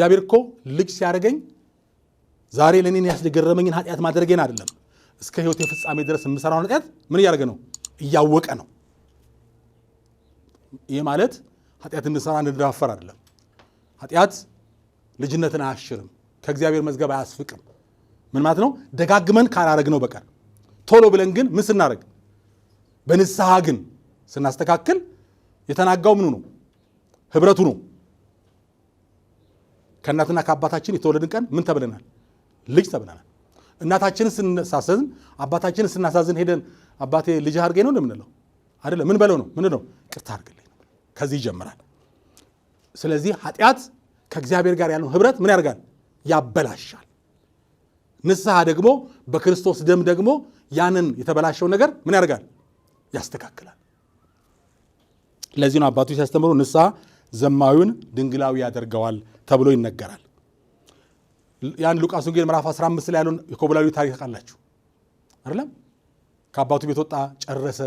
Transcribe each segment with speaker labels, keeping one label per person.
Speaker 1: እግዚአብሔር እኮ ልጅ ሲያደርገኝ ዛሬ ለእኔን ያስገረመኝን ኃጢአት ማድረጌን አይደለም እስከ ህይወት የፍጻሜ ድረስ የምሰራውን ኃጢአት ምን እያደረገ ነው? እያወቀ ነው። ይህ ማለት ኃጢአት እንሰራ እንድንዳፈር አይደለም። ኃጢአት ልጅነትን አያሽርም፣ ከእግዚአብሔር መዝገብ አያስፍቅም። ምን ማለት ነው? ደጋግመን ነው በቀር ቶሎ ብለን ግን ምን ስናደረግ በንስሐ ግን ስናስተካክል የተናጋው ምኑ ነው? ህብረቱ ነው። ከእናትና ከአባታችን የተወለድን ቀን ምን ተብለናል? ልጅ ተብለናል። እናታችንን ስናሳዝን አባታችንን ስናሳዝን ሄደን አባቴ ልጅ አድርጌ ነው እንደምንለው አይደለም። ምን በለው ነው ምን ነው ቅርታ አድርግልኝ። ከዚህ ይጀምራል። ስለዚህ ኃጢአት ከእግዚአብሔር ጋር ያለውን ህብረት ምን ያደርጋል? ያበላሻል። ንስሐ ደግሞ በክርስቶስ ደም ደግሞ ያንን የተበላሸውን ነገር ምን ያደርጋል? ያስተካክላል። ለዚህ ነው አባቶች ሲያስተምሩ ንስሐ ዘማዊውን ድንግላዊ ያደርገዋል ተብሎ ይነገራል። ያን ሉቃስ ወንጌል ምዕራፍ 15 ላይ ያለውን የኮብላዊ ታሪክ ታውቃላችሁ አይደለም? ከአባቱ ቤት ወጣ፣ ጨረሰ።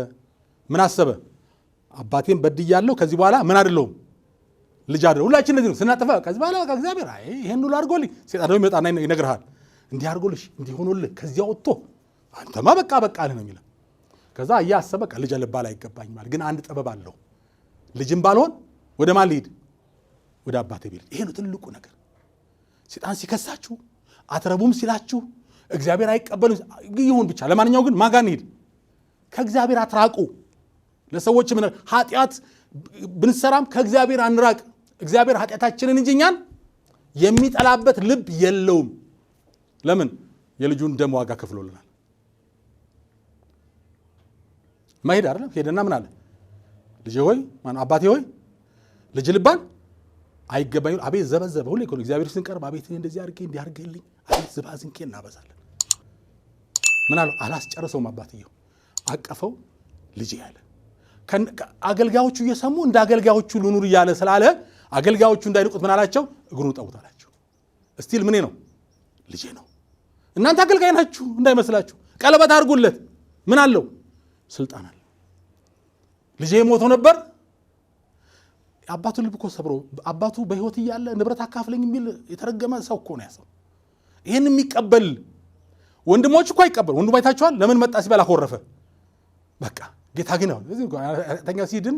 Speaker 1: ምን አሰበ? አባቴን በድያለሁ፣ ከዚህ በኋላ ምን አይደለሁም ልጅ አደለ። ሁላችን እንደዚህ ነው ስናጠፋ፣ ከዚህ በኋላ እግዚአብሔር ይሄን ሁሉ አድርጎልኝ፣ ሴጣን ደግሞ ይመጣና ይነግርሃል፣ እንዲህ አድርጎልሽ፣ እንዲህ ሆኖልህ፣ ከዚያ ወጥቶ አንተማ በቃ በቃ አልህ ነው የሚለው። ከዛ እያሰበ ልጅ ልባል አይገባኝ፣ ማለት ግን አንድ ጥበብ አለው ልጅም ባልሆን ወደ ማን ልሂድ ወደ አባቴ ቤት። ይሄ ነው ትልቁ ነገር። ሴጣን ሲከሳችሁ አትረቡም ሲላችሁ እግዚአብሔር አይቀበሉ ይሁን ብቻ። ለማንኛው ግን ማጋን እንሂድ። ከእግዚአብሔር አትራቁ። ለሰዎች ምን ኃጢአት ብንሰራም ከእግዚአብሔር አንራቅ። እግዚአብሔር ኃጢአታችንን እንጂ እኛን የሚጠላበት ልብ የለውም። ለምን? የልጁን ደም ዋጋ ከፍሎልናል። መሄድ አይደለም ሄደና ምን አለ? ልጄ ሆይ አባቴ ሆይ ልጅ ልባን አይገባኝ አቤት ዘበዘበ ሁሌ እኮ እግዚአብሔር ስንቀርብ አቤት እንደዚህ አድርጌ እንዲያርገልኝ አቤት ዝባዝንኬ እናበዛለን። ምን አለው አላስጨርሰውም። አባትየው አቀፈው። ልጅ ያለ አገልጋዮቹ እየሰሙ እንደ አገልጋዮቹ ልኑር እያለ ስላለ አገልጋዮቹ እንዳይንቁት ምን አላቸው? እግሩን ጠቡት አላቸው። እስቲል ምኔ ነው ልጄ ነው። እናንተ አገልጋይ ናችሁ እንዳይመስላችሁ። ቀለበት አድርጉለት። ምን አለው? ስልጣን አለው። ልጄ ሞቶ ነበር አባቱ ልብ እኮ ሰብሮ አባቱ በህይወት እያለ ንብረት አካፍለኝ የሚል የተረገመ ሰው እኮ ነው ያሰው። ይህን የሚቀበል ወንድሞች እኮ አይቀበል። ወንድሙ አይታችኋል፣ ለምን መጣ ሲባል አኮረፈ። በቃ ጌታ ግን ተኛ ሲድን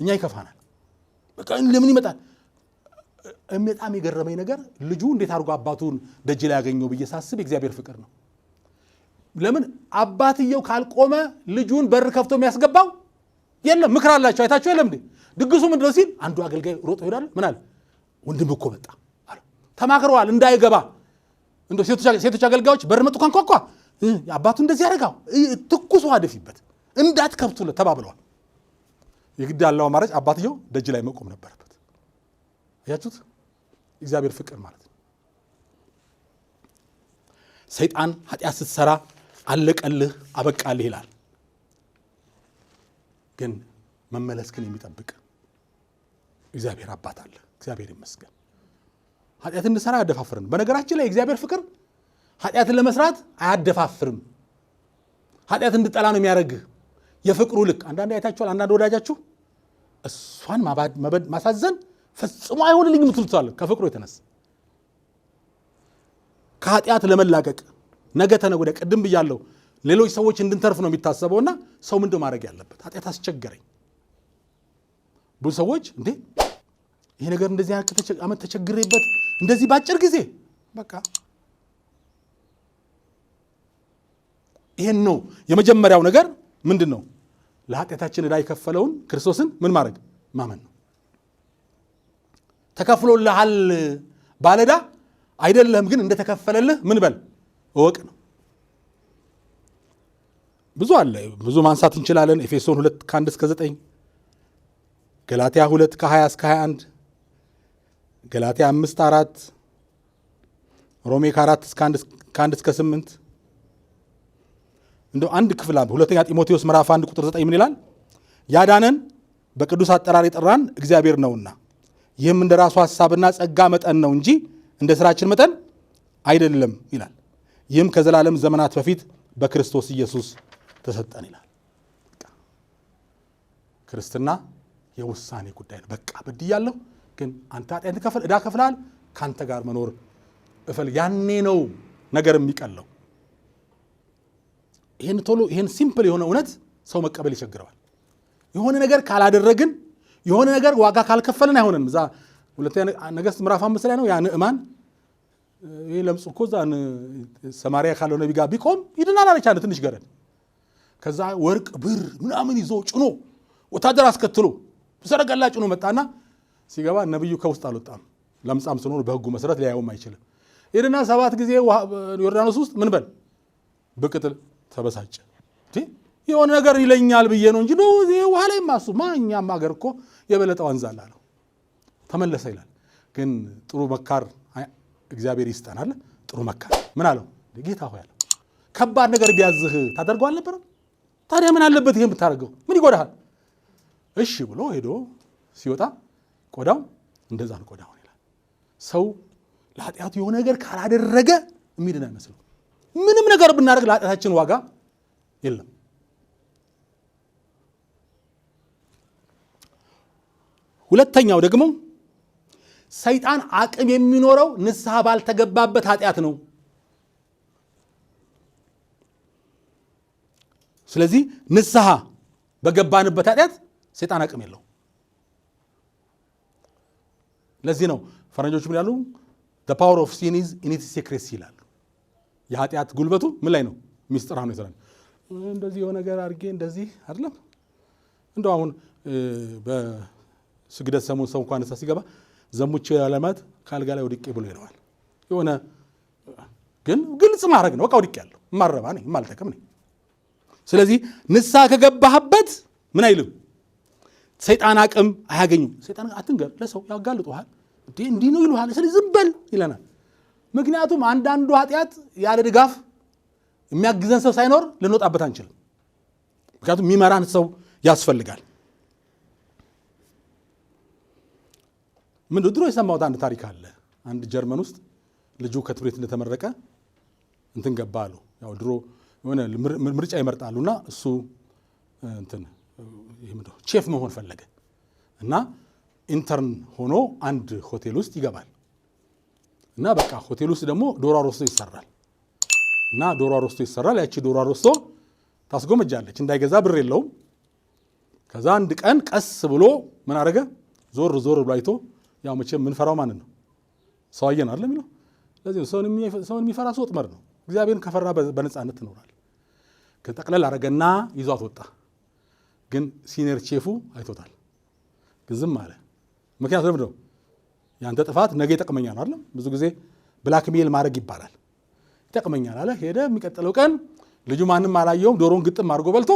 Speaker 1: እኛ ይከፋናል። በቃ ለምን ይመጣል? በጣም የገረመኝ ነገር ልጁ እንዴት አድርጎ አባቱን ደጅ ላይ ያገኘው ብዬ ሳስብ የእግዚአብሔር ፍቅር ነው። ለምን አባትየው ካልቆመ ልጁን በር ከፍቶ የሚያስገባው የለም ምክር አላቸው አይታቸው የለም እንዴ ድግሱ ምንድን ነው ሲል አንዱ አገልጋይ ሮጦ ይሄዳል። ምን አለ ወንድም እኮ መጣ አለ። ተማክረዋል እንዳይገባ እንደ ሴቶች አገልጋዮች በር መጡ እንኳን ኳኳ አባቱ እንደዚህ ያደረጋው ትኩሱ አደፊበት፣ ደፊበት እንዳትከብቱለት ተባብለዋል። የግድ ያለው አማራጭ አባትየው ደጅ ላይ መቆም ነበረበት። አያችሁት? እግዚአብሔር ፍቅር ማለት ነው። ሰይጣን ኃጢአት ስትሰራ አለቀልህ አበቃልህ ይላል። ግን መመለስ ግን የሚጠብቅ እግዚአብሔር አባት አለ። እግዚአብሔር ይመስገን። ኃጢአት እንድሰራ አያደፋፍርም። በነገራችን ላይ እግዚአብሔር ፍቅር ኃጢአትን ለመስራት አያደፋፍርም። ኃጢአት እንድጠላ ነው የሚያደርግህ። የፍቅሩ ልክ አንዳንድ አይታችኋል። አንዳንድ ወዳጃችሁ እሷን ማሳዘን ፈጽሞ አይሆንልኝ ምትሉታል። ከፍቅሩ የተነሳ ከኃጢአት ለመላቀቅ ነገ ተነገ ቅድም ብያለሁ ሌሎች ሰዎች እንድንተርፍ ነው የሚታሰበውና ሰው ምንድን ማድረግ ያለበት ኃጢአት አስቸገረኝ። ብዙ ሰዎች እንዴ ይሄ ነገር እንደዚህ ዓመት ተቸግሬበት እንደዚህ በአጭር ጊዜ በቃ ይሄን ነው የመጀመሪያው ነገር ምንድን ነው ለኃጢአታችን ዕዳ የከፈለውን ክርስቶስን ምን ማድረግ ማመን ነው። ተከፍሎልሃል ባለዳ አይደለህም፣ ግን እንደተከፈለልህ ምን በል እወቅ ነው። ብዙ አለ። ብዙ ማንሳት እንችላለን። ኤፌሶን ሁለት ከአንድ እስከ ዘጠኝ ገላትያ ከ ከሀያ እስከ 21 ገላትያ አምስት አራት ሮሜ ከአራት ከአንድ እስከ ስምንት እንደ አንድ ክፍል ሁለተኛ ጢሞቴዎስ ምዕራፍ አንድ ቁጥር ዘጠኝ ምን ይላል? ያዳነን በቅዱስ አጠራር የጠራን እግዚአብሔር ነውና ይህም እንደ ራሱ ሀሳብና ጸጋ መጠን ነው እንጂ እንደ ስራችን መጠን አይደለም ይላል። ይህም ከዘላለም ዘመናት በፊት በክርስቶስ ኢየሱስ ተሰጠን ይላል። ክርስትና የውሳኔ ጉዳይ ነው። በቃ በድያለሁ፣ ግን አንተ ኃጢአት ከፍል እዳ ከፍላል ከአንተ ጋር መኖር እፈል። ያኔ ነው ነገር የሚቀለው። ይህን ቶሎ ይህን ሲምፕል የሆነ እውነት ሰው መቀበል ይቸግረዋል። የሆነ ነገር ካላደረግን የሆነ ነገር ዋጋ ካልከፈልን አይሆንም። እዛ ሁለተኛ ነገሥት ምዕራፍ አምስት ላይ ነው ያ ንዕማን ይህ ለምጽ እኮ እዛ ሰማሪያ ካለው ነቢ ጋር ቢቆም ይድናል አለች። አንድ ትንሽ ገረድ ከዛ ወርቅ ብር ምናምን ይዞ ጭኖ ወታደር አስከትሎ በሰረገላ ጭኖ መጣና ሲገባ ነብዩ ከውስጥ አልወጣም። ለምጻም ስለሆኑ በህጉ መሰረት ሊያየውም አይችልም። ሄድና ሰባት ጊዜ ዮርዳኖስ ውስጥ ምን በል ብቅ ተበሳጨ። የሆነ ነገር ይለኛል ብዬ ነው እንጂ ውሃ ላይ ማሱ ማኛም አገር እኮ የበለጠ ወንዝ አለ አለው። ተመለሰ ይላል። ግን ጥሩ መካር እግዚአብሔር ይስጠናል። ጥሩ መካር ምን አለው? ጌታ ሆይ አለው። ከባድ ነገር ቢያዝህ ታደርገው አልነበረም? ታዲያ ምን አለበት ይህን ብታደርገው? ምን ይጎዳሃል? እሺ ብሎ ሄዶ ሲወጣ ቆዳው እንደዛን ቆዳውን ይላል። ሰው ለኃጢአቱ የሆነ ነገር ካላደረገ የሚድን አይመስልም። ምንም ነገር ብናደርግ ለኃጢአታችን ዋጋ የለም። ሁለተኛው ደግሞ ሰይጣን አቅም የሚኖረው ንስሐ ባልተገባበት ኃጢአት ነው። ስለዚህ ንስሐ በገባንበት ኃጢአት ሴጣን አቅም የለው። ለዚህ ነው ፈረንጆች ምን ያሉ ፓወር ኦፍ ሲን ኢዝ ኢን ኢትስ ሴክሬሲ ይላሉ። የኃጢአት ጉልበቱ ምን ላይ ነው? ሚስጥር ነው ይዘላል። እንደዚህ የሆነ ነገር አድርጌ እንደዚህ አይደለም እንደው አሁን በስግደት ሰሞን ሰው እንኳን ንስሐ ሲገባ ዘሙቼ ያለማት ከአልጋ ላይ ወድቄ ብሎ ይለዋል። የሆነ ግን ግልጽ ማድረግ ነው። በቃ ወድቄ ያለሁ እማረባ ነኝ፣ እማልጠቅም ነኝ ስለዚህ ንስሐ ከገባህበት ምን አይልም፣ ሰይጣን አቅም አያገኝም። ሰይጣን አትንገር፣ ለሰው ያጋልጡሃል፣ እንዲህ ነው ይሉሃል፣ ስለዚህ ዝም በል ይለናል። ምክንያቱም አንዳንዱ ኃጢአት ያለ ድጋፍ የሚያግዘን ሰው ሳይኖር ልንወጣበት አንችልም። ምክንያቱም የሚመራን ሰው ያስፈልጋል። ምን ድሮ የሰማሁት አንድ ታሪክ አለ። አንድ ጀርመን ውስጥ ልጁ ከትምህርት እንደተመረቀ እንትን ገባ አሉ። ያው ድሮ የሆነ ምርጫ ይመርጣሉ እና እሱ ቼፍ መሆን ፈለገ እና ኢንተርን ሆኖ አንድ ሆቴል ውስጥ ይገባል እና በቃ ሆቴል ውስጥ ደግሞ ዶሮ አሮስቶ ይሰራል እና ዶሮ አሮስቶ ይሰራል። ያቺ ዶሮ አሮስቶ ታስጎመጃለች። እንዳይገዛ ብር የለውም። ከዛ አንድ ቀን ቀስ ብሎ ምን አደረገ? ዞር ዞር ብሎ አይቶ ያው መቼ የምንፈራው ማንን ነው? ሰው አየን አለ የሚለው። ለዚህ ሰውን የሚፈራ ሰው ጥመድ ነው። እግዚአብሔርን ከፈራ በነፃነት ትኖራል። ግን ጠቅለል አረገና ይዟት ወጣ። ግን ሲኒየር ቼፉ አይቶታል፣ ዝም አለ። ምክንያቱ ለምንድን ነው? ያንተ ጥፋት ነገ ይጠቅመኛል አለ። ብዙ ጊዜ ብላክሜል ማድረግ ይባላል። ይጠቅመኛል አለ። ሄደ። የሚቀጥለው ቀን ልጁ ማንም አላየውም። ዶሮን ግጥም አድርጎ በልቶ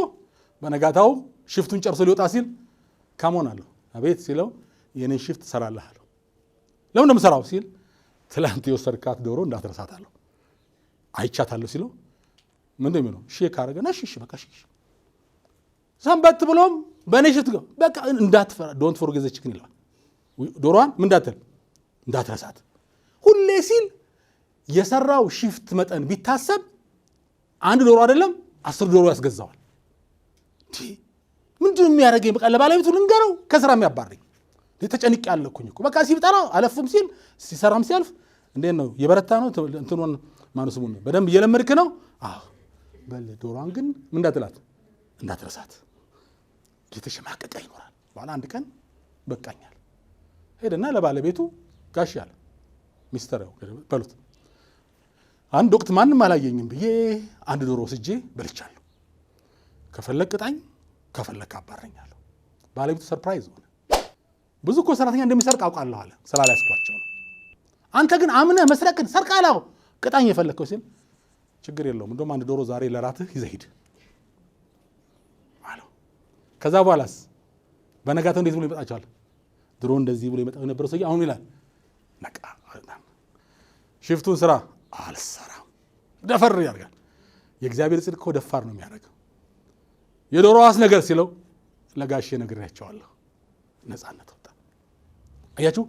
Speaker 1: በነጋታው ሽፍቱን ጨርሶ ሊወጣ ሲል ካሞን አለሁ አቤት ሲለው የኔን ሽፍት ትሰራለህ አለሁ። ለምን ነው ሲል ትላንት የወሰድካት ዶሮ እንዳትረሳት አለሁ አይቻታለሁ ሲለው ምንድን የሚለው ካረገ አረገና ሽሽ በቃ ሽሽ ሰንበት ብሎም በነሽት ገ በቃ እንዳትፈራ ዶንት ፎር ችክን ይለዋል። ዶሮዋን ምን እንዳትል እንዳትረሳት ሁሌ ሲል የሰራው ሽፍት መጠን ቢታሰብ አንድ ዶሮ አይደለም አስር ዶሮ ያስገዛዋል። ምንድን የሚያደርገኝ በቃ ለባለቤቱ ልንገረው ከስራ የሚያባርኝ ተጨንቅ ያለኩኝ በቃ ሲብጠራ አለፉም ሲል ሲሰራም ሲያልፍ እንዴት ነው የበረታ ነው እንትኑን ማነሱቡን በደንብ እየለመድክ ነው። አዎ በል ዶሯን ግን እንዳትላት እንዳትረሳት። እየተሸማቀቀ ይኖራል። በኋላ አንድ ቀን በቃኛል ሄደና ለባለቤቱ ጋሽ አለ ሚስተር በሉት አንድ ወቅት ማንም አላየኝም ብዬ አንድ ዶሮ ስጄ በልቻለሁ። ከፈለግ ቅጣኝ፣ ከፈለግ አባረኛለሁ። ባለቤቱ ሰርፕራይዝ ሆነ። ብዙ እኮ ሰራተኛ እንደሚሰርቅ አውቃለሁ አለ ስላላያስኳቸው ነው። አንተ ግን አምነህ መስረቅን ሰርቃለሁ ቅጣኝ የፈለግከው ሲል ችግር የለውም እንደውም አንድ ዶሮ ዛሬ ለራትህ ይዘህ ሂድ አለው። ከዛ በኋላስ በነጋተው እንዴት ብሎ ይመጣቸዋል? ድሮ እንደዚህ ብሎ ይመጣ የነበረው ሰውዬ አሁን ይላል ሽፍቱን ስራ አልሰራም። ደፈር ያደርጋል። የእግዚአብሔር ጽድቅ እኮ ደፋር ነው የሚያደርገው። የዶሮ ዋስ ነገር ሲለው ለጋሼ ነግሬያቸዋለሁ። ነፃነት ወጣ። አያችሁ፣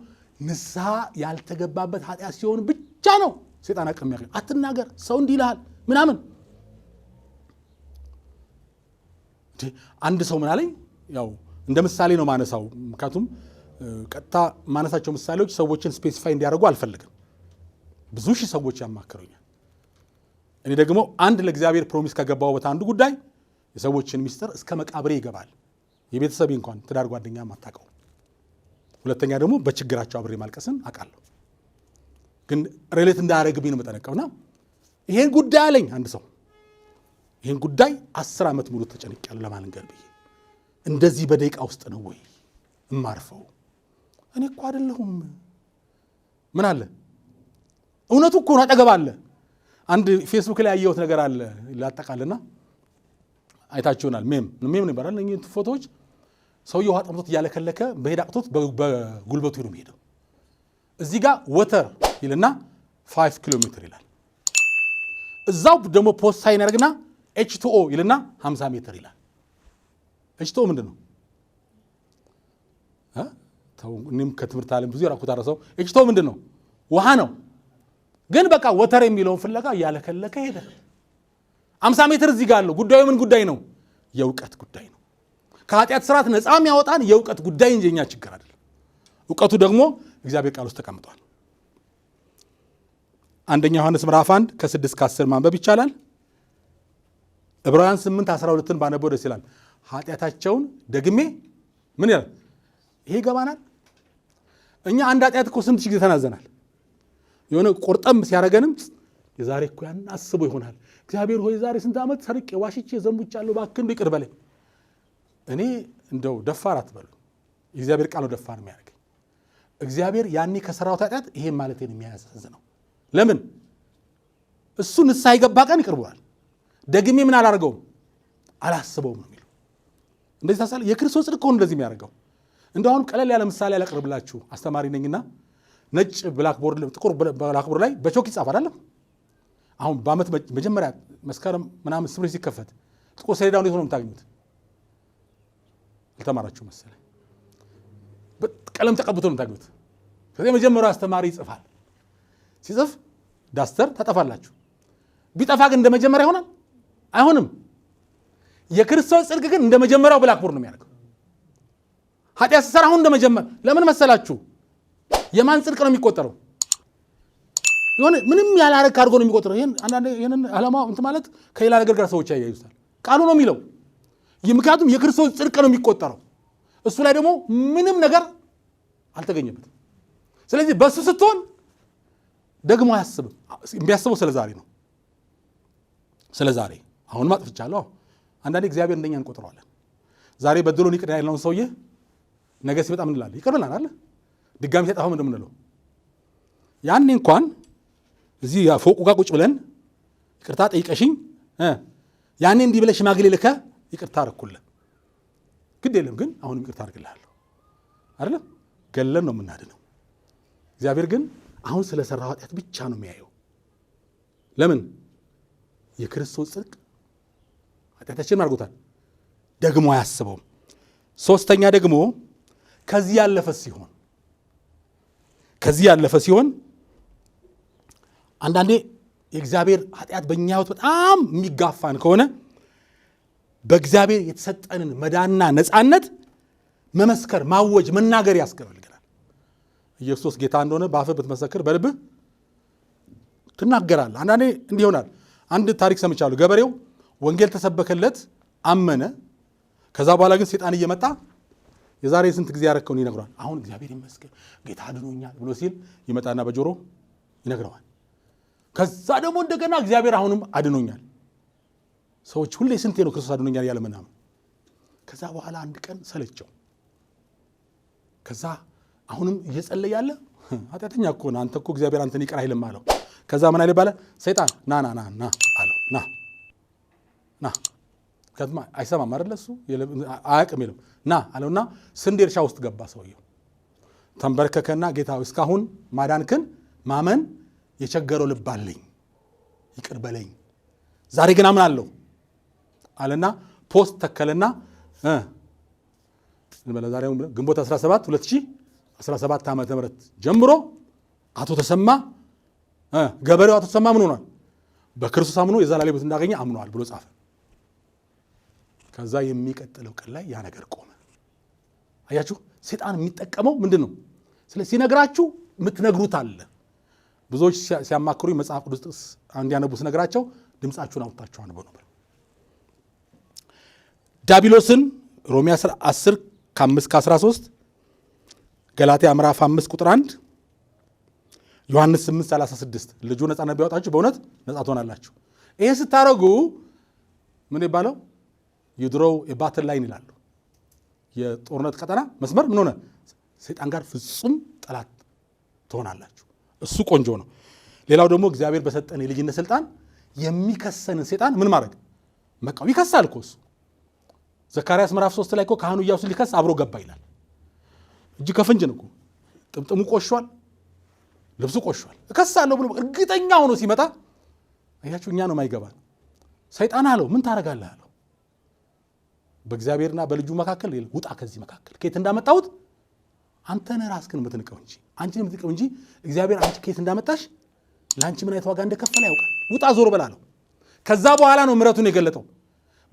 Speaker 1: ንስሐ ያልተገባበት ኃጢአት ሲሆን ብቻ ነው ሴጣን አቅም ያገኝ አትናገር፣ ሰው እንዲህ ይልሃል ምናምን። አንድ ሰው ምን አለኝ፣ ያው እንደ ምሳሌ ነው ማነሳው፣ ምክንያቱም ቀጥታ ማነሳቸው ምሳሌዎች ሰዎችን ስፔሲፋይ እንዲያደርጉ አልፈልግም። ብዙ ሺህ ሰዎች ያማክሩኛል። እኔ ደግሞ አንድ ለእግዚአብሔር ፕሮሚስ ከገባሁበት አንዱ ጉዳይ የሰዎችን ሚስጥር እስከ መቃብሬ ይገባል። የቤተሰብ እንኳን ትዳር ጓደኛ ማታቀው ሁለተኛ ደግሞ በችግራቸው አብሬ ማልቀስን አውቃለሁ። ግን ሬሌት እንዳያደረግብኝ ነው የምጠነቀውና ይሄን ጉዳይ አለኝ አንድ ሰው ይህን ጉዳይ አስር ዓመት ሙሉ ተጨንቄያለሁ ለማንገር ብዬ እንደዚህ በደቂቃ ውስጥ ነው ወይ እማርፈው? እኔ እኮ አይደለሁም። ምን አለ እውነቱ እኮ ነው፣ አጠገብ አለ። አንድ ፌስቡክ ላይ ያየሁት ነገር አለ ላጠቃልና አይታችሁናል። ሜም ሜም ነው ይባላል። እ ፎቶዎች ሰውየ ውሃ ጠምቶት እያለከለከ በሄድ አቅቶት በጉልበቱ ሄዱ ሄደው እዚህ ጋር ወተር ይልና 5 ኪሎ ሜትር ይላል። እዛው ደግሞ ፖስት ሳይን ያደርግና ኤች ይልና 50 ሜትር ይላል። ኤች ቱ ምንድን ነው? እኔም ከትምህርት ዓለም ብዙ የራኩት አረሰው። ኤች ቱ ምንድን ነው? ውሃ ነው። ግን በቃ ወተር የሚለውን ፍለጋ እያለከለከ ሄደ። 50 ሜትር እዚህ ጋር አለው። ጉዳዩ ምን ጉዳይ ነው? የእውቀት ጉዳይ ነው። ከኃጢአት ስርዓት ነፃ የሚያወጣን የእውቀት ጉዳይ እንጂ የኛ ችግር አይደለም። እውቀቱ ደግሞ እግዚአብሔር ቃል ውስጥ ተቀምጧል። አንደኛ ዮሐንስ ምዕራፍ 1 ከ6 እስከ 10 ማንበብ ይቻላል። ዕብራውያን 8 12ን ባነበው ደስ ይላል። ኃጢአታቸውን ደግሜ ምን ይላል? ይሄ ይገባናል። እኛ አንድ ኃጢአት እኮ ስንት ጊዜ ተናዘናል። የሆነ ቆርጠም ሲያደርገንም የዛሬ እኮ ያን አስቦ ይሆናል። እግዚአብሔር ሆይ ዛሬ ስንት ዓመት ሰርቄ ዋሽቼ ዘንቡቻለሁ፣ እባክህ እንደው ይቅር በለኝ። እኔ እንደው ደፋር አትበሉ። የእግዚአብሔር ቃል ነው ደፋር የሚያደርገኝ። እግዚአብሔር ያኔ ከሰራሁት ኃጢአት ይሄን ማለት የሚያሳዝን ነው። ለምን እሱ ንስሐ የገባ ቀን ይቅርበዋል። ደግሜ ምን አላደርገውም አላስበውም ነው የሚለው። እንደዚህ ታሳለ የክርስቶስ ጽድቅ ከሆኑ እንደዚህ የሚያደርገው እንደው አሁን ቀለል ያለ ምሳሌ አላቅርብላችሁ። አስተማሪ ነኝና ነጭ ብላክቦርድ፣ ጥቁር ብላክቦርድ ላይ በቾክ ይጻፍ አይደለም። አሁን በዓመት መጀመሪያ መስከረም ምናምን ስብሬ ሲከፈት ጥቁር ሰሌዳ የት ሆኖ የምታገኙት? አልተማራችሁ መሰለኝ። ቀለም ተቀብቶ ነው የምታገኙት። ከዚህ መጀመሪያ አስተማሪ ይጽፋል። ሲጽፍ ዳስተር ታጠፋላችሁ። ቢጠፋ ግን እንደ መጀመሪያ ይሆናል? አይሆንም። የክርስቶስ ጽድቅ ግን እንደ መጀመሪያው ብላክቦርድ ነው የሚያደርገው። ኃጢአት ስሰራ አሁን እንደ መጀመር ለምን መሰላችሁ? የማን ጽድቅ ነው የሚቆጠረው? የሆነ ምንም ያላረግ ካድርጎ ነው የሚቆጥረው። ይህን አንዳንድ ይህንን አለማ እንትን ማለት ከሌላ ነገር ጋር ሰዎች ያያዩታል። ቃሉ ነው የሚለው። ምክንያቱም የክርስቶስ ጽድቅ ነው የሚቆጠረው። እሱ ላይ ደግሞ ምንም ነገር አልተገኘበትም። ስለዚህ በእሱ ስትሆን ደግሞ አያስብም። የሚያስበው ስለ ዛሬ ነው። ስለ ዛሬ አሁንም አጥፍቻለሁ። አንዳንዴ እግዚአብሔር እንደኛ እንቆጥረዋለን። ዛሬ በድሎን ይቅር ያለውን ሰውዬ ነገ ሲመጣ ምንላለ? ይቅርብላል አለ ድጋሚ ሲያጠፋው እንደምንለው ያኔ እንኳን እዚህ ፎቁ ጋር ቁጭ ብለን ይቅርታ ጠይቀሽኝ ያኔ እንዲህ ብለህ ሽማግሌ ልከ ይቅርታ አረኩልህ፣ ግድ የለም ግን አሁንም ይቅርታ አርግልሃለሁ አይደለም ገለን ነው የምናድነው እግዚአብሔር ግን አሁን ስለ ሠራው ኃጢአት ብቻ ነው የሚያየው። ለምን? የክርስቶስ ጽድቅ ኃጢአታችን አድርጎታል። ደግሞ አያስበውም። ሶስተኛ ደግሞ ከዚህ ያለፈ ሲሆን ከዚህ ያለፈ ሲሆን አንዳንዴ የእግዚአብሔር ኃጢአት በእኛ ሕይወት በጣም የሚጋፋን ከሆነ በእግዚአብሔር የተሰጠንን መዳንና ነፃነት መመስከር፣ ማወጅ፣ መናገር ያስፈልጋል። ኢየሱስ ጌታ እንደሆነ በአፈ ብትመሰክር በልብህ ትናገራለህ። አንዳንዴ እንዲህ ይሆናል። አንድ ታሪክ ሰምቻለሁ። ገበሬው ወንጌል ተሰበከለት፣ አመነ። ከዛ በኋላ ግን ሴጣን እየመጣ የዛሬ ስንት ጊዜ ያረከውን ይነግረዋል። አሁን እግዚአብሔር ይመስገን ጌታ አድኖኛል ብሎ ሲል ይመጣና በጆሮ ይነግረዋል። ከዛ ደግሞ እንደገና እግዚአብሔር አሁንም አድኖኛል። ሰዎች ሁሌ ስንቴ ነው ክርስቶስ አድኖኛል ያለ ምናምን። ከዛ በኋላ አንድ ቀን ሰለቸው። ከዛ አሁንም እየጸለየ ያለ ኃጢአተኛ እኮ ነህ አንተ እኮ እግዚአብሔር አንተን ይቅር አይልም አለው። ከዛ ምን አይል ባለ ሰይጣን ና ና ና ና አለው ና ና ከትማ አይሰማም አይደለ እሱ አያቅም ይልም ና አለውና ስንዴ እርሻ ውስጥ ገባ ሰውየው ተንበረከከና ጌታ እስካሁን ማዳንክን ማመን የቸገረው ልብ አለኝ ይቅር በለኝ ዛሬ ግን አምናለሁ አለና ፖስት ተከለና ዛሬ ግንቦት 17 2000 17 ዓመተ ምህረት ጀምሮ አቶ ተሰማ ገበሬው አቶ ተሰማ ምን ሆኗል? በክርስቶስ አምኖ የዘላለም ሕይወት እንዳገኘ አምኗል ብሎ ጻፈ። ከዛ የሚቀጥለው ቀን ላይ ያ ነገር ቆመ። አያችሁ፣ ሴጣን የሚጠቀመው ምንድን ነው? ስለ ሲነግራችሁ የምትነግሩት አለ። ብዙዎች ሲያማክሩ መጽሐፍ ቅዱስ ጥቅስ እንዲያነቡ ስነግራቸው ድምፃችሁን አውጥታችሁ አንብቡ ነበር። ዳቢሎስን ሮሜ 10 ከ5 ከ13 ገላትያ ምዕራፍ 5 ቁጥር 1 ዮሐንስ 8 36 ልጁ ነፃነት ቢያወጣችሁ በእውነት ነፃ ትሆናላችሁ። ይሄ ስታደርጉ ምን ይባለው የድሮው የባትል ላይን ይላሉ። የጦርነት ቀጠና መስመር ምን ሆነ? ሰይጣን ጋር ፍጹም ጠላት ትሆናላችሁ። እሱ ቆንጆ ነው። ሌላው ደግሞ እግዚአብሔር በሰጠን የልጅነት ስልጣን የሚከሰንን ሴጣን ምን ማድረግ መቃወም። ይከሳል እኮ እሱ። ዘካርያስ ምዕራፍ ሶስት ላይ እኮ ካህኑ እያሱ ሊከስ አብሮ ገባ ይላል። እጅ ከፍንጅ ነው ጥምጥሙ ቆሿል፣ ልብሱ ቆሿል። እከሳለሁ ብሎ እርግጠኛ ሆኖ ሲመጣ አያችሁ፣ እኛ ነው የማይገባን። ሰይጣን አለው ምን ታደርጋለህ አለው። በእግዚአብሔርና በልጁ መካከል ውጣ ከዚህ መካከል። ከየት እንዳመጣሁት አንተ ነህ የምትንቀው እንጂ አንቺን የምትንቀው እንጂ እግዚአብሔር አንቺ ከየት እንዳመጣሽ ለአንቺ ምን አይነት ዋጋ እንደከፈለ ያውቃል። ውጣ ዞር በላለው። ከዛ በኋላ ነው ምረቱን የገለጠው።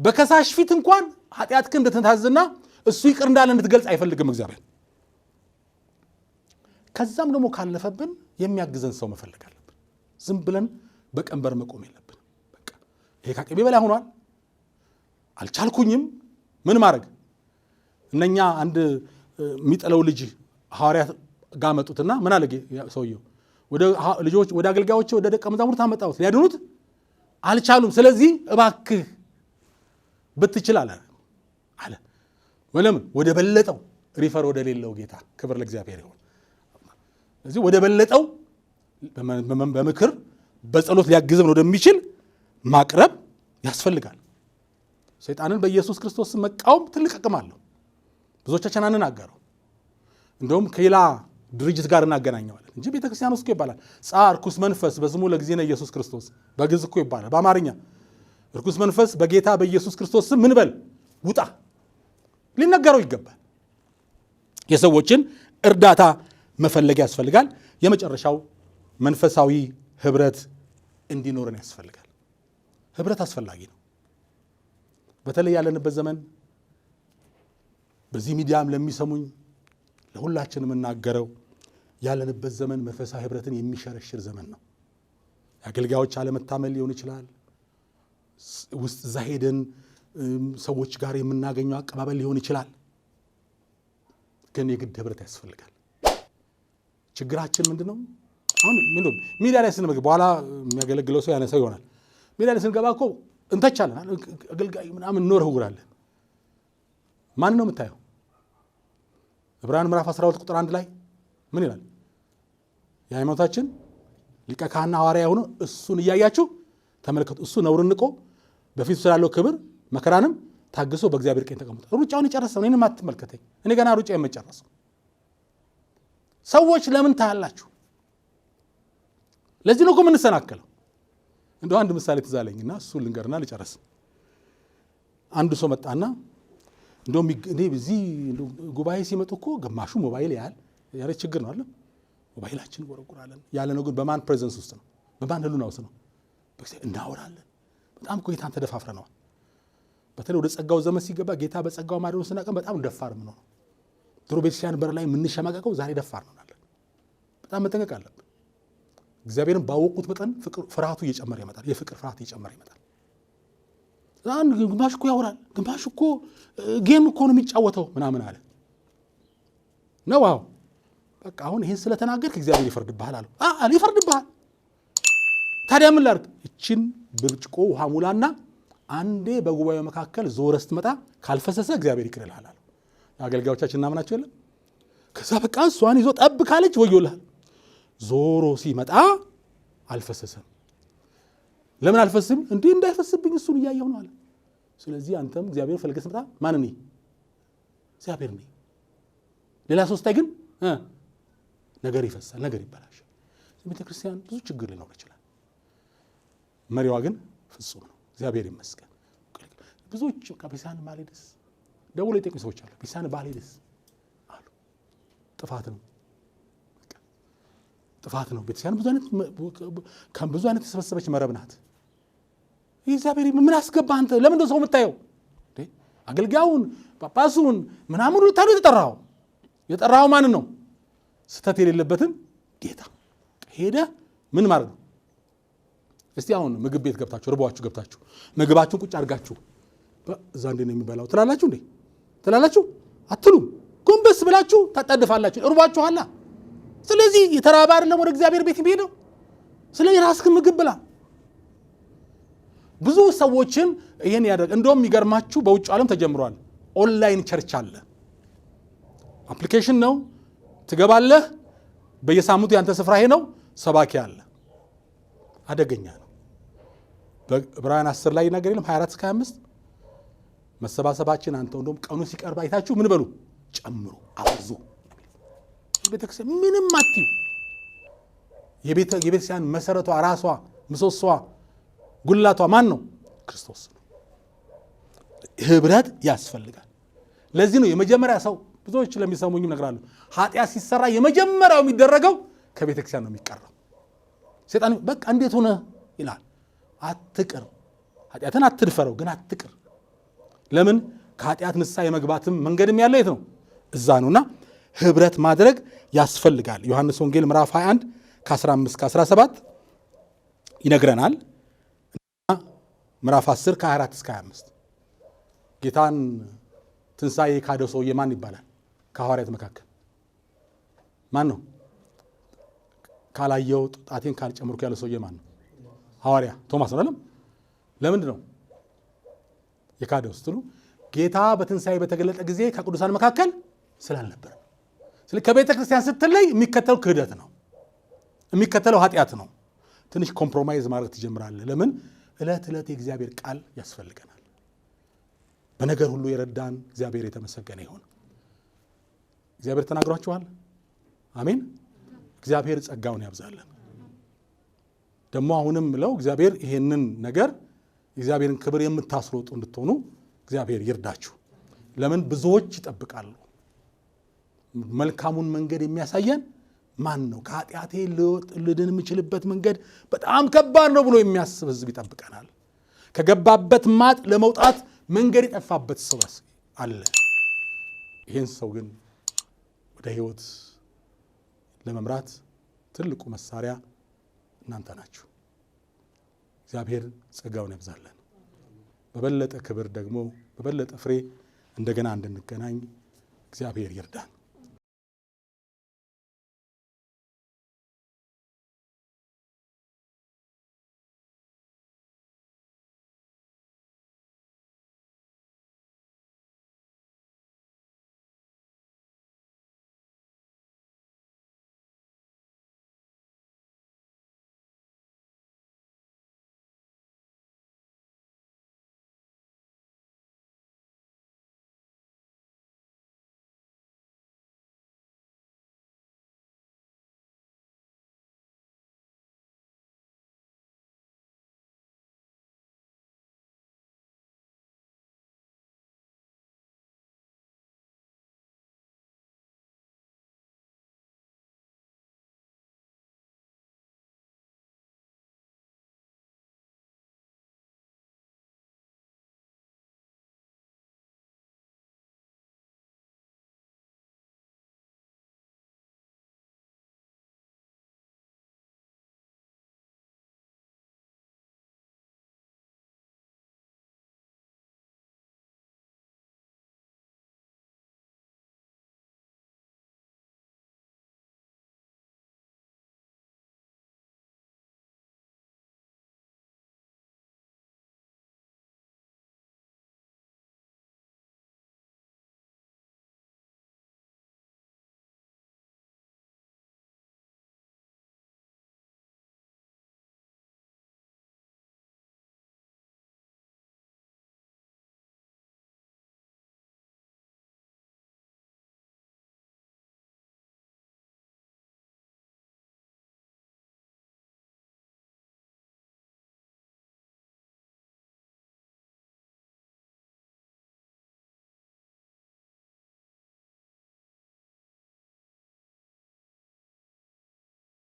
Speaker 1: በከሳሽ ፊት እንኳን ኃጢአትክን እንደተታዘና እሱ ይቅር እንዳለ እንድትገልጽ አይፈልግም እግዚአብሔር። ከዛም ደግሞ ካለፈብን የሚያግዘን ሰው መፈለግ አለብን። ዝም ብለን በቀንበር መቆም የለብን። ይሄ ከአቅሜ በላይ ሆኗል፣ አልቻልኩኝም። ምን ማድረግ እነኛ አንድ የሚጠለው ልጅ ሐዋርያት ጋር መጡትና ምን አለ ሰውየው ልጆች ወደ አገልጋዮች ወደ ደቀ መዛሙርት አመጣሁት ሊያድኑት አልቻሉም። ስለዚህ እባክህ ብትችል አለ አለ ወለምን ወደ በለጠው ሪፈር ወደ ሌለው ጌታ ክብር ለእግዚአብሔር ይሆን። ስለዚህ ወደ በለጠው በምክር በጸሎት ሊያግዘን ወደሚችል ማቅረብ ያስፈልጋል። ሰይጣንን በኢየሱስ ክርስቶስ መቃወም ትልቅ አቅም አለው። ብዙዎቻችን አንናገረው፣ እንደውም ከሌላ ድርጅት ጋር እናገናኘዋለን እንጂ ቤተ ክርስቲያን ውስጥ ይባላል። ጻ እርኩስ መንፈስ በስሙ ነው ኢየሱስ ክርስቶስ በግዕዝ እኮ ይባላል። በአማርኛ እርኩስ መንፈስ በጌታ በኢየሱስ ክርስቶስ ስም ምን በል ውጣ ሊነገረው ይገባል። የሰዎችን እርዳታ መፈለግ ያስፈልጋል። የመጨረሻው መንፈሳዊ ህብረት እንዲኖረን ያስፈልጋል። ህብረት አስፈላጊ ነው። በተለይ ያለንበት ዘመን በዚህ ሚዲያም ለሚሰሙኝ ለሁላችን የምናገረው ያለንበት ዘመን መንፈሳዊ ህብረትን የሚሸረሽር ዘመን ነው። የአገልጋዮች አለመታመን ሊሆን ይችላል። ውስጥ እዛ ሄደን ሰዎች ጋር የምናገኘው አቀባበል ሊሆን ይችላል። ግን የግድ ህብረት ያስፈልጋል። ችግራችን ምንድን ነው? አሁን ሚዲያ ላይ ስንመግ በኋላ የሚያገለግለው ሰው ያነሰው ይሆናል። ሚዲያ ላይ ስንገባ እኮ እንተቻለን፣ አገልጋይ ምናምን እንወረውራለን። ማን ነው የምታየው? ዕብራውያን ምዕራፍ 12 ቁጥር አንድ ላይ ምን ይላል? የሃይማኖታችን ሊቀ ካህና ሐዋርያ የሆነ እሱን እያያችሁ ተመልከቱ። እሱ ነውርን ንቆ በፊቱ ስላለው ክብር መከራንም ታግሶ በእግዚአብሔር ቀኝ ተቀምጧል። ሩጫውን የጨረሰ ነው። እኔንም አትመልከተኝ፣ እኔ ገና ሩጫ የመጨረሰው ሰዎች ለምን ታያላችሁ? ለዚህ ነው እኮ የምንሰናከለው። እንደው አንድ ምሳሌ ትዝ አለኝና እሱ ልንገርና ልጨረስ። አንዱ ሰው መጣና እንደውም እዚህ ጉባኤ ሲመጡ እኮ ግማሹ ሞባይል ያህል ያለ ችግር ነው አለ ሞባይላችን እንጎረጉራለን ያለ ነው። ግን በማን ፕሬዘንስ ውስጥ ነው? በማን ህሉና ውስጥ ነው? እናወራለን። በጣም ጌታን ተደፋፍረነዋል። በተለይ ወደ ጸጋው ዘመን ሲገባ ጌታ በጸጋው ማደሩ ስናቀም በጣም ደፋር ምንሆነው ድሮ ቤተክርስቲያን በር ላይ የምንሸማቀቀው ዛሬ ደፋር እንሆናለን። በጣም መጠንቀቅ አለብን። እግዚአብሔርን ባወቁት መጠን ፍርሃቱ እየጨመረ ይመጣል። የፍቅር ፍርሃት እየጨመረ ይመጣል። አንድ ግማሽ እኮ ያወራል፣ ግማሽ እኮ ጌም እኮ ነው የሚጫወተው ምናምን አለ ነው። አዎ በቃ አሁን ይህን ስለተናገርክ እግዚአብሔር ይፈርድብሃል አለው። አዎ ይፈርድብሃል። ታዲያ ምን ላድርግ? እችን ብርጭቆ ውሃ ሙላና አንዴ በጉባኤው መካከል ዞረ ስትመጣ ካልፈሰሰ እግዚአብሔር ይቅር ይልሃል። አገልጋዮቻችን እናምናቸው የለም። ከዛ በቃ እሷን ይዞ ጠብ ካለች ወዮልሃል። ዞሮ ሲመጣ አልፈሰሰም። ለምን አልፈስም? እንዲህ እንዳይፈስብኝ እሱን እያየው ነው አለ። ስለዚህ አንተም እግዚአብሔር ፈልገ ስትመጣ ማን እኔ እግዚአብሔር ነኝ። ሌላ ሶስታይ ግን ነገር ይፈሳል፣ ነገር ይበላሻል። ቤተ ክርስቲያን ብዙ ችግር ሊኖር ይችላል። መሪዋ ግን ፍጹም ነው። እግዚአብሔር ይመስገን። ብዙዎች ቀቢሳን ማሌደስ ደውሎ የጠቁ ሰዎች አሉ። ቢሳን ባህሌልስ አሉ። ጥፋት ነው ጥፋት ነው። ቤተክርስቲያን ብዙ አይነት ከብዙ አይነት የተሰበሰበች መረብ ናት። እግዚአብሔር ምን አስገባ አንተ? ለምን ሰው የምታየው አገልጋዩን፣ ጳጳሱን ምናምን ታ የተጠራው የጠራው ማን ነው? ስህተት የሌለበትን ጌታ ሄደ ምን ማለት ነው? እስቲ አሁን ምግብ ቤት ገብታችሁ ርቧችሁ ገብታችሁ ምግባችሁን ቁጭ አድርጋችሁ እዛ እንዴ ነው የሚበላው ትላላችሁ እንዴ? ትላላችሁ አትሉም። ጎንበስ ብላችሁ ታጣድፋላችሁ። እርቧችኋላ። ስለዚህ የተራበ አይደለም ወደ እግዚአብሔር ቤት የሚሄደው። ስለዚህ ራስክ ምግብ ብላ። ብዙ ሰዎችን ይህን ያደርግ። እንደውም የሚገርማችሁ በውጭ ዓለም ተጀምሯል። ኦንላይን ቸርች አለ። አፕሊኬሽን ነው፣ ትገባለህ። በየሳምንቱ ያንተ ስፍራ ይሄ ነው፣ ሰባኪ አለ። አደገኛ ነው። በዕብራውያን 10 ላይ ነገር የለም 24 እስከ 25 መሰባሰባችን አንተ እንደውም ቀኑ ሲቀርብ አይታችሁ ምን በሉ ጨምሩ አብዙ። ቤተክርስቲያን ምንም አትዩ። የቤተክርስቲያን መሰረቷ ራሷ ምሰሶዋ ጉላቷ ማን ነው? ክርስቶስ ነው። ህብረት ያስፈልጋል። ለዚህ ነው የመጀመሪያ ሰው ብዙዎች ለሚሰሙኝም ነግራሉ። ኃጢአት ሲሰራ የመጀመሪያው የሚደረገው ከቤተክርስቲያን ነው የሚቀረው። ሴጣን በቃ እንዴት ሆነ ይላል። አትቅር፣ ኃጢአትን አትድፈረው፣ ግን አትቅር ለምን ከኃጢአት ንስሐ የመግባትም መንገድም ያለው የት ነው? እዛ ነውና ህብረት ማድረግ ያስፈልጋል። ዮሐንስ ወንጌል ምዕራፍ 21 ከ15 ከ17 ይነግረናል። ምዕራፍ 10 ከ24 እስከ 25 ጌታን ትንሣኤ ካደው ሰውዬ ማን ይባላል? ከሐዋርያት መካከል ማን ነው? ካላየው ጣቴን ካልጨምርኩ ያለ ሰውዬ ማን ነው? ሐዋርያ ቶማስ ነው። ለምንድን ነው የካደው ስትሉ ጌታ በትንሣኤ በተገለጠ ጊዜ ከቅዱሳን መካከል ስላልነበር። ስለዚህ ከቤተ ክርስቲያን ስትለይ የሚከተለው ክህደት ነው፣ የሚከተለው ኃጢአት ነው። ትንሽ ኮምፕሮማይዝ ማድረግ ትጀምራለህ። ለምን? ዕለት ዕለት የእግዚአብሔር ቃል ያስፈልገናል። በነገር ሁሉ የረዳን እግዚአብሔር የተመሰገነ ይሁን። እግዚአብሔር ተናግሯችኋል። አሜን። እግዚአብሔር ጸጋውን ያብዛለን። ደግሞ አሁንም ብለው እግዚአብሔር ይሄንን ነገር የእግዚአብሔርን ክብር የምታስሮጡ እንድትሆኑ እግዚአብሔር ይርዳችሁ። ለምን ብዙዎች ይጠብቃሉ። መልካሙን መንገድ የሚያሳየን ማን ነው? ከኃጢአቴ ልድን የምችልበት መንገድ በጣም ከባድ ነው ብሎ የሚያስብ ህዝብ ይጠብቀናል። ከገባበት ማጥ ለመውጣት መንገድ የጠፋበት ሰው አለ። ይህን ሰው ግን ወደ ህይወት ለመምራት ትልቁ መሳሪያ እናንተ ናችሁ። እግዚአብሔር ጸጋውን ያብዛለን። በበለጠ ክብር ደግሞ በበለጠ ፍሬ እንደገና እንድንገናኝ እግዚአብሔር ይርዳን።